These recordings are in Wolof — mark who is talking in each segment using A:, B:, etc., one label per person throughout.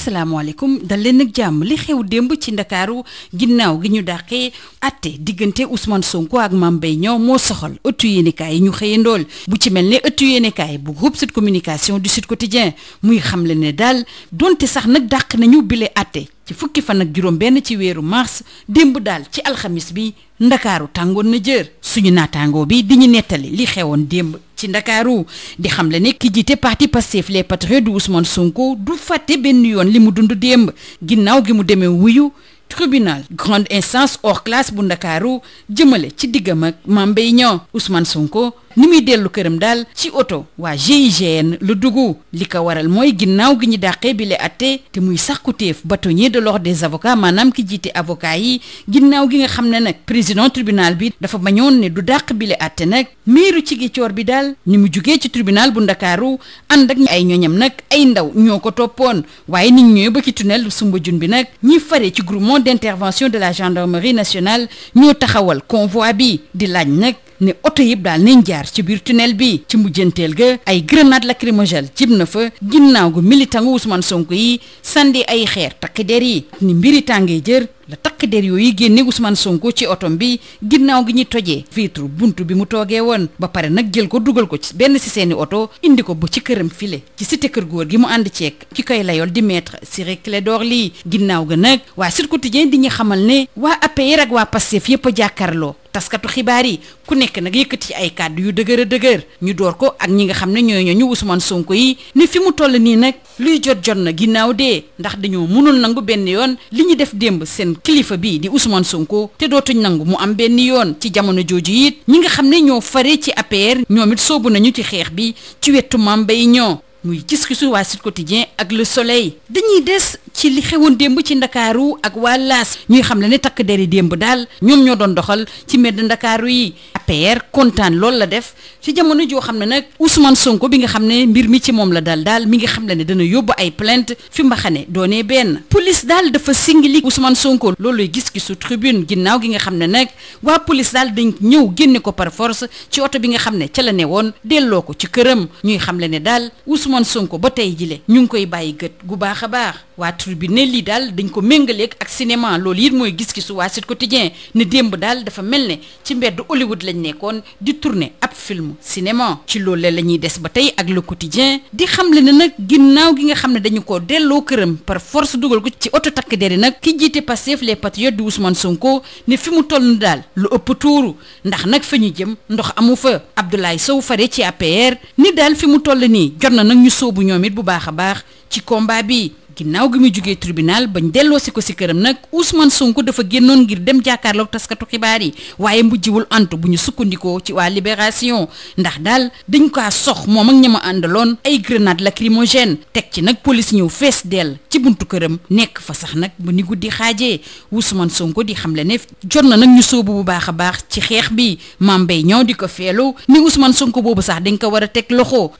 A: asalaamaaleykum dal leen nag jàmm li xew démb ci ndakaaru ginnaaw gi ñu dàqee atte diggante Ousmane Sonko ak Mame Mbaye Niang moo soxal ëttu yéenekaay yi ñu xëyandool bu ci mel ne ëttu yéenekaay bu groupe Sud Communication du Sud Quotidien muy xam xamle ne daal donte sax nag dàq nañu bile atte ci fukki fan ak juróom benn ci weeru mars démb daal ci alxamis bi ndakaaru tàngoon na jër suñu naataangoo bi di ñu nettali li xewoon démb ci ndakaaru di xam le ne ki te parti Pastef les patriotes du Ousmane Sonko du fatte benn yoon li mu dund démb ginnaaw gi mu demee wuyu tribunal grande instance hors classe bu ndakaaru jëmale ci diggam ak Mame Mbaye Niang Sonko ni muy dellu këram daal ci oto waa GIGN la dugg li ko waral mooy ginnaaw gi ñu dàqee bile le atte te muy sàkku téef bâtonnier de loxo des avocats maanaam ki jiite avocat yi ginnaaw gi nga xam ne nag président tribunal bi dafa bañoon ne du dàq bile le atte nag miiru ci gi bi daal ni mu jugee ci tribunal bu ndakaaru ànd ak ay ñoñam nag ay ndaw ñoo ko toppoon waaye nit ñëwee ba ci tunnel sumba jun bi nag ñi fare ci groupement d'intervention de la gendarmerie nationale ñoo taxawal convoi bi di laaj nag ne oto yëpp daal nañ jaar ci biir tunnel bi ci mujjanteel ga ay grenade lacrymogène jib na fa ginnaaw gu militangu Ousmane Sonko yi sandi ay xeer takk der yi ni mbiri tàngee jër la takk der yooyu génne Ousmane Sonko ci otom bi ginnaaw gi ñuy tojee vitre buntu bi mu toogee woon ba pare nag jël ko dugal ko ci benn si seeni oto indi ko ba ci këram file ci cité kër góor gi mu ànd ceeg ki koy layool di maître Ciré Clédor Ly ginnaaw ga nag waa Sud Quotidien di ñu xamal ne waa APR ak waa Pastef yëpp a jàkkaarloo taskatu xibaar yi ku nekk nag yëkkati ay kàddu yu dëgër dëgër ñu door ko ak ñi nga xam ne ñooy ñooñu Ousmane Sonko yi ni fi mu toll nii nag luy jot jot na ginnaaw dee ndax dañoo mënul nangu benn yoon li ñu def démb seen kilifa bii di Ousmane Sonko te dootuñ nangu mu am benn yoon ci jamono jooju it ñi nga xam ne ñoo fare ci APR ñoomit soobu nañu ci xeex bi ci wetu Mame Mbaye Niang muy gis-gisu waa Sud Quotidien ak Le Soleil dañuy des ci li xewoon démb ci ndakaaru ak waa laas ñuy xam ne ne takk deri démb daal ñoom ñoo doon doxal ci mbedd ndakaaru yi APR kontaan loolu la def ci jamono joo xam ne nag Ousmane Sonko bi nga xam ne mbir mi ci moom la dal daal mi nga xam le ne dana yóbbu ay plainte fi mbaxane doonee benn police daal dafa singili Ousmane Sonko looluy gis-gisu tribune ginnaaw gi nga xam ne nag waa daal dañ ñëw génne ko par force ci oto bi nga xam ne ca la ne woon delloo ko ci këram ñuy xam le ne daal Ousmane Sonko ba tey jile ñu ngi koy bàyyi gët gu baax a baax waa tribune ne lii daal dañ ko méngaleeg ak cinéma loolu yit mooy gis-gisu waa Sud Quotidien ne démb daal dafa mel ne ci mbedd Hollywood lañ nekkoon di tourner ab film cinéma ci loolu la ñuy des ba tey ak le quotidien di xamle ne nag ginnaaw gi nga xam ne dañu ko delloo këram par force dugal ko ci oto takk deri nag ki jiite Pastef les patriotes di Ousmane sonkoo ne fi mu toll daal lu ëpp tuuru ndax nag fa ñu jëm ndox amu fa Abdoulaye Sow ci APR ni daal fi mu toll nii ñu sóobu ñoom it bu baax a baax ci combat bi ginnaaw gi muy jugee tribunal bañ delloo si ko si këram nag Ousmane Sonko dafa génnoon ngir dem jàkkaarloog taskatu xibaar yi waaye mujjiwul antu bu ñu sukkandikoo ci waa libération ndax daal dañ kaa sox moom ak ñama àndaloon ay grenade lacrymogène teg ci nag police ñëw fees dell ci buntu këram nekk fa sax nag ba ni guddi xaajee Ousmane sunk di xamle ne jot na nag ñu sóobu bu baax a baax ci xeex bi Mame Mbaye Niang di ko feelu ni Ousmane sunk boobu sax dañ ko war a teg loxo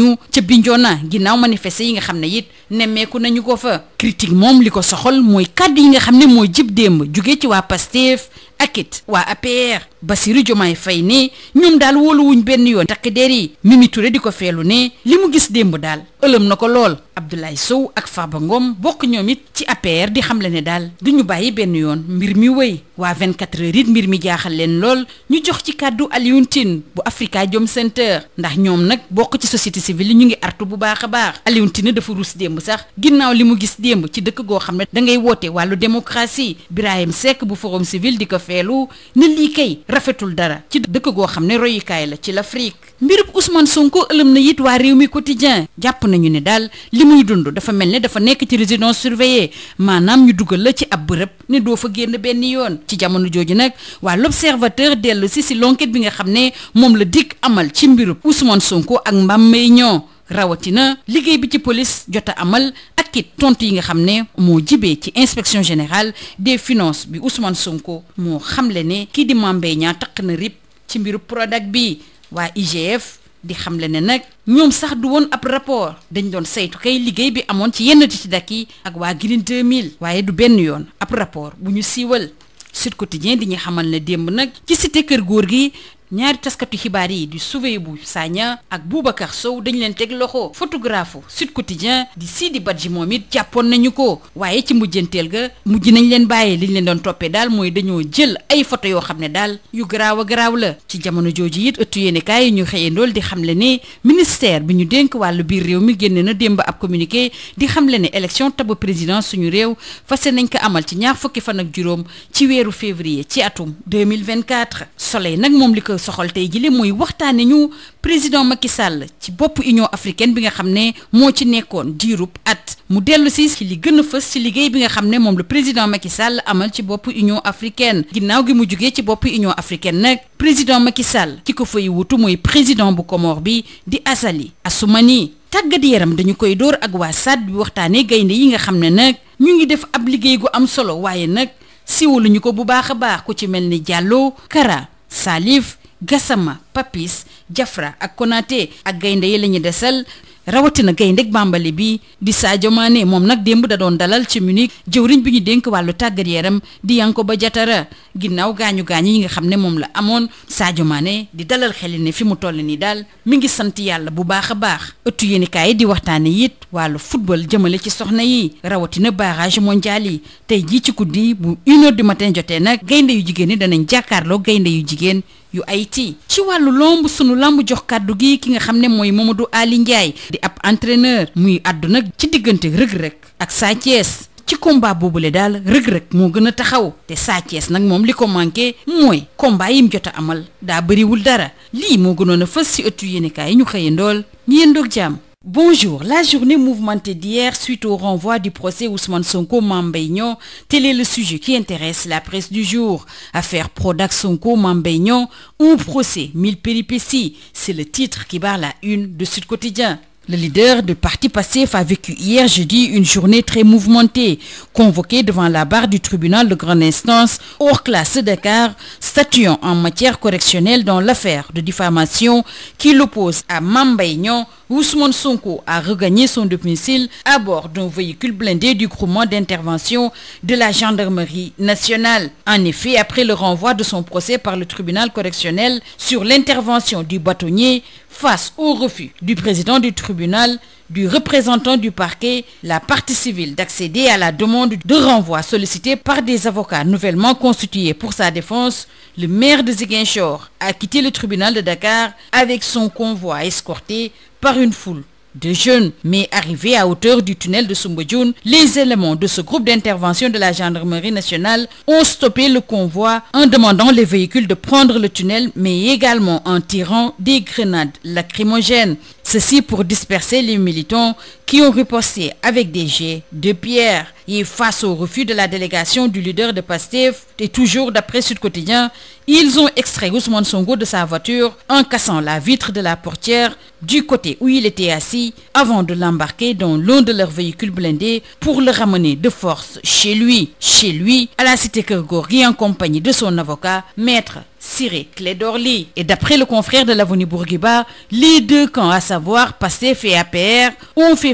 A: nañu ca Bignona ginnaaw manifester yi nga xam ne it nemmeeku nañu ko fa critique moom li ko soxal mooy kàddu yi nga xam ne mooy jib démb jugee ci waa Pastef ak it waa APR Bassirou Diomaye fay ne ñoom daal wóoluwuñ benn yoon takk der yi Mimi Touré di ko feelu ne li mu gis démb daal ëlëm na ko lool Abdoulaye Sow ak Farba Ngom bokk ñoom it ci APR di xam xamle ne daal du ñu bàyyi benn yoon mbir mi wëy waa 24 heures it mbir mi jaaxal leen lool ñu jox ci kàddu Alioune bu Africa Jom Center ndax ñoom nag bokk ci société civile yi ñu ngi artu bu baax a baax Alioune Tine dafa ruus démb sax ginnaaw li mu gis démb ci dëkk goo xam ne da ngay woote wàllu démocratie Birahim Seck bu Forum Civil di ko rafeelu ne lii kay rafetul dara ci dëkk goo xam ne royukaay la ci l'Afrique mbirub Ousmane Sonko ëlëm na it waa réew mi quotidien jàpp nañu ne daal li muy dundu dafa mel ne dafa nekk ci résidence surveillée maanaam ñu dugal la ci ab bërëb ne doo fa génn benn yoon ci jamono jooju nag waa l'observateur dellu si si l'enquête bi nga xam ne moom la dikk amal ci mbirub Ousmane Sonko ak Mame Mbaye Niang rawatina liggéey bi ci police jot a amal ak it tontu yi nga xam ne moo jibee ci inspection générale des finance bi Ousmane Sonko moo xamle ne kii di Mame Mbaye Niang taq na rip ci mbiru Prodac bi waa IGF di xamle ne nag ñoom sax du woon ab rapport dañ doon saytu kay liggéey bi amoon ci yenn TICAC yi ak waa Green mille waaye du benn yoon ab rapport bu ñu siiwal Sud Quotidien di ñu xamal ne démb nag ci cité kër góor gi ñaari taskatu xibaar yi di bu Sagna ak Boubacar Sow dañ leen teg loxo photographe Sud Quotidien di bat ji moom it jàppoon nañu ko waaye ci mujjanteel ga mujj nañ leen bàyyee liñ leen doon toppee daal mooy dañoo jël ay photo yoo xam ne daal yu garaaw a garaaw la ci jamono jooju it ëttu yéenekaay yi ñu ndool di xam le ne ministère bi ñu dénk wàllu biir réew mi génne na démb ab communiqué di xam le ne élection tabu président suñu réew fase nañ ko amal ci ñaar fukki fan ak juróom ci weeru février ci atum 2024 soleil nag moom li ko soxal tey jii li mooy waxtaane ñu président Macky Sall ci bopp Union africaine bi nga xam ne moo ci nekkoon diirub at mu dellu si ci li gën a fës ci liggéey bi nga xam ne moom le président Macky Sall amal ci bopp Union africaine ginnaaw gi mu jugee ci bopp Union africaine nag président Macky Sall ki ko fay wutu mooy président bu Comore bi di Assali Assoumani tàggat yaram dañu koy dóor ak waa SAD bi waxtaanee gaynde yi nga xam ne nag ñu ngi def ab liggéey gu am solo waaye nag siiwaluñu ko bu baax a baax ku ci mel ni jàlloo Kara Salif Gassama Papis jafra ak Konaté ak gaynde yi la ñu desal rawatina gayndeg bambali bi di Sadio Mané moom nag démb da doon dalal ci Munich jëwriñ bi ñu dénk wàllu tàggat yaram di ba Diattara ginnaaw gaañu gaañu yi nga xam ne moom la amoon Sadio Mané di dalal xel ne fi mu toll nii daal mi ngi sant yàlla bu baax a baax ëttu yéenikaay di waxtaane it wàllu football jëmale ci soxna yi rawatina barrage mondial yi tey jii ci guddi bu une heure du jotee nag gaynde yu jigéen yi danañ jàkkaarloo gaynde yu jigéen yu ay ti ci wàllu lomb sunu lamb jox kàddu gi ki nga xam ne mooy Mamadou Ali Ndiaye di ab entraîneur muy àddu nag ci diggante rëg-rëg ak Sa Thiès ci boobu le daal rëg-rëg moo gën a taxaw te Sa Thiès nag moom li ko manqué mooy combat yim jot a amal daa bëriwul dara lii moo gënoon a fës si ëttu yéenekaay yi ñu xëyee ndool ñu yéen doog jàmm Bonjour. La journée mouvementée d'hier suite au renvoi du procès Ousmane Sonko Mambeignon, tel est le sujet qui intéresse la presse du jour. Affaire Prodac Sonko Mambeignon, un procès, mille péripéties. C'est le titre qui barre la une de Sud Quotidien. Le leader du parti PASTEF a vécu hier jeudi une journée très mouvementée. Convoqué devant la barre du tribunal de grande instance, hors classe Dakar, statuant en matière correctionnelle dans l'affaire de diffamation qui l'oppose à Mambaignan, Ousmane Sonko a regagné son domicile à bord d'un véhicule blindé du groupement d'intervention de la gendarmerie nationale. En effet, après le renvoi de son procès par le tribunal correctionnel sur l'intervention du bâtonnier, face au refus du président du tribunal, du représentant du parquet, la partie civile d'accéder à la demande de renvoi sollicitée par des avocats nouvellement constitués pour sa défense, le maire de Ziguinchor a quitté le tribunal de Dakar avec son convoi escorté par une foule de jeunes. Mais arrivés à hauteur du tunnel de Soumbodjoun, les éléments de ce groupe d'intervention de la gendarmerie nationale ont stoppé le convoi en demandant les véhicules de prendre le tunnel, mais également en tirant des grenades lacrymogènes. Ceci pour disperser les militants qui ont riposté avec des jets de pierre. Et face au refus de la délégation du leader de PASTEF, et toujours d'après Sud Quotidien, ils ont extrait Ousmane Sonko de sa voiture en cassant la vitre de la portière du côté où il était assis avant de l'embarquer dans l'un de leurs véhicules blindés pour le ramener de force chez lui, chez lui, à la cité Kergori en compagnie de son avocat, maître Siré Clédorli. Et d'après le confrère de l'avenue Bourguiba, les deux camps,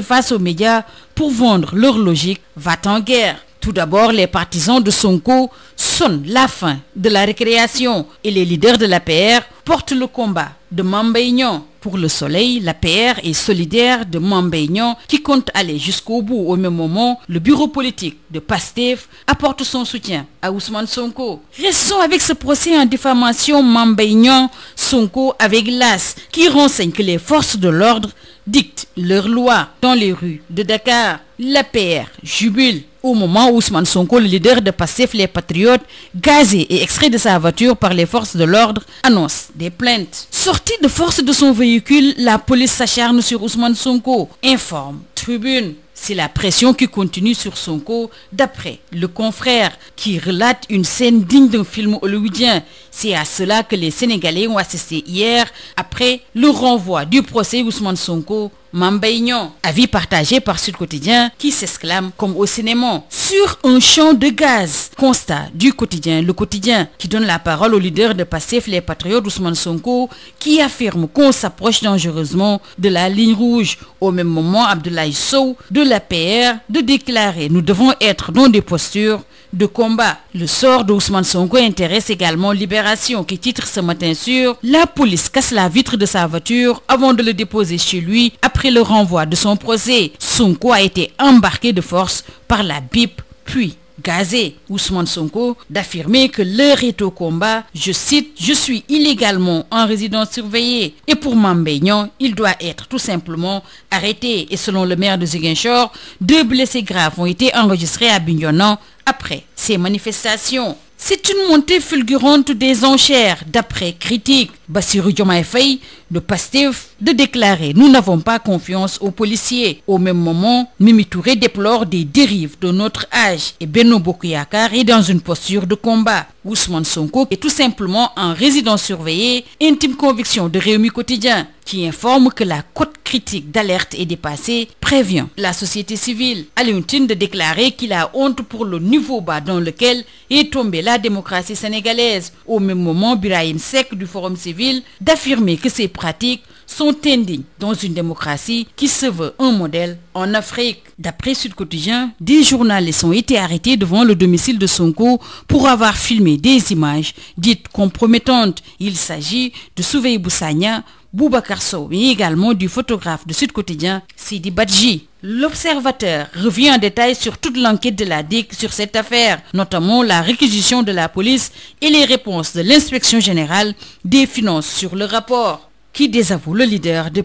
A: face aux médias pour vendre leur logique va-t-en guerre. Tout d'abord, les partisans de Sonko sonnent la fin de la récréation et les leaders de l'APR portent le combat de Mame Mbaye Pour le Soleil, l'APR et solidaire de Mame Mbaye Niang qui compte aller jusqu'au bout. Au même moment, le bureau politique de Pastef apporte son soutien à Ousmane Sonko. Restons avec ce procès en diffamation Mame Mbaye Sonko avec l'AS qui renseigne que les forces de l'ordre dictent leurs lois dans les rues de Dakar. L'APR jubile au moment où Ousmane Sonko, le leader de Pastef les Patriotes, gazé et extrait de sa voiture par les forces de l'ordre, annonce des plaintes. Sorti de force de son véhicule, la police s'acharne sur Ousmane Sonko, informe C'est la pression qui continue sur Sonko d'après le confrère qui relate une scène digne d'un film hollywoodien. C'est à cela que les Sénégalais ont assisté hier après le renvoi du procès Ousmane Mambaignon. Avis partagé par Sud Quotidien qui s'exclame comme au cinéma. Sur un champ de gaz. Constat du quotidien Le Quotidien qui donne la parole au leader de PASSEF, les patriotes Ousmane Sonko, qui affirme qu'on s'approche dangereusement de la ligne rouge. Au même moment, Abdoulaye Sow de l'APR de déclarer nous devons être dans des postures de combat. Le sort de Ousmane Sonko intéresse également Libération qui titre ce matin sur La police casse la vitre de sa voiture avant de le déposer chez lui après le renvoi de son procès. Sonko a été embarqué de force par la BIP puis gazé Ousmane Sonko d'affirmer que l'heure est au combat. Je cite, je suis illégalement en résidence surveillée et pour Mambéignan, il doit être tout simplement arrêté. Et selon le maire de Ziguinchor, deux blessés graves ont été enregistrés à Bignonan après ces manifestations. C'est une montée fulgurante des enchères, d'après critique. Bassirou Diomaye Faye, le PASTEF, de déclarer « Nous n'avons pas confiance aux policiers ». Au même moment, Mimi Touré déplore des dérives de notre âge et Benno Bokuyakar est dans une posture de combat. Ousmane Sonko est tout simplement en résidence surveillée, intime conviction de Réumi Quotidien, qui informe que la critique, d'alerte et dépassée, prévient la société civile. Alioune de déclarer qu'il a honte pour le niveau bas dans lequel est tombée la démocratie sénégalaise. Au même moment, Birahim Seck du Forum civil d'affirmer que ces pratiques sont indignes dans une démocratie qui se veut un modèle en Afrique. D'après Sud Quotidien, des journalistes ont été arrêtés devant le domicile de Sonko pour avoir filmé des images dites compromettantes. Il s'agit de Boubacar Sow, mais également du photographe de Sud Quotidien, Sidi Badji. L'observateur revient en détail sur toute l'enquête de la DIC sur cette affaire, notamment la réquisition de la police et les réponses de l'inspection générale des finances sur le rapport, qui désavoue le leader de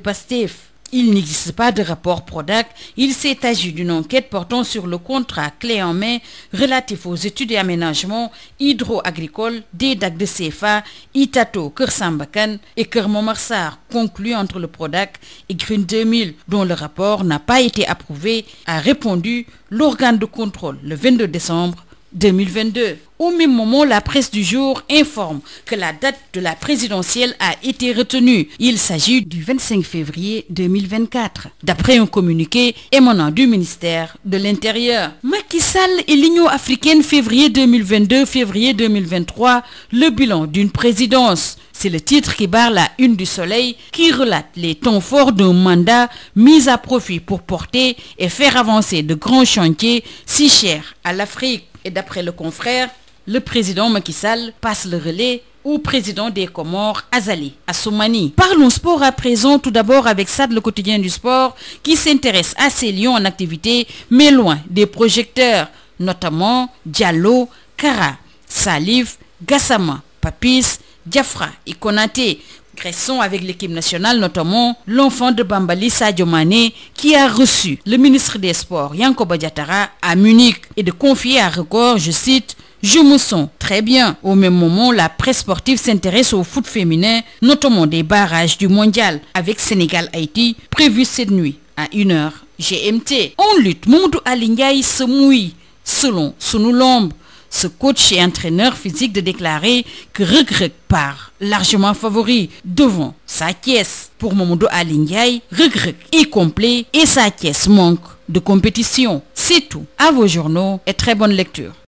A: Il n'existe pas de rapport PRODAC. Il s'agit d'une enquête portant sur le contrat clé en main relatif aux études et aménagements hydro agricole des DAC de CFA, Itato, Kersambakan et Kermomarsar, conclu entre le PRODAC et Green 2000, dont le rapport n'a pas été approuvé, a répondu l'organe de contrôle le 22 décembre 2022. Au même moment, la presse du jour informe que la date de la présidentielle a été retenue. Il s'agit du 25 février 2024, d'après un communiqué émanant du ministère de l'Intérieur. Macky Sall et l'Union africaine février 2022-février 2023, le bilan d'une présidence. C'est le titre qui barre la une du soleil qui relate les temps forts d'un mandat mis à profit pour porter et faire avancer de grands chantiers si chers à l'Afrique. Et d'après le confrère, le président Macky Sall passe le relais au président des Comores, Azali Assoumani. Parlons sport à présent, tout d'abord avec SAD, le quotidien du sport, qui s'intéresse à ces lions en activité, mais loin des projecteurs, notamment Diallo, Kara, Salif, Gassama, Papis, Diafra et Konaté. Restons avec l'équipe nationale, notamment l'enfant de Bambali sa Mané, qui a reçu le ministre des Sports Yankoba Diatara à Munich et de confier à Record, je cite, je me sens très bien. Au même moment, la presse sportive s'intéresse au foot féminin, notamment des barrages du mondial avec Sénégal-Haïti, prévu cette nuit à 1h GMT. En lutte, Moudou Alingaï se mouille, selon Sunulombe. Ce coach et entraîneur physique de déclarer que Regrec part largement favori devant sa caisse. Pour Momodo Alingay, Regrec est complet et sa caisse manque de compétition. C'est tout. À vos journaux et très bonne lecture.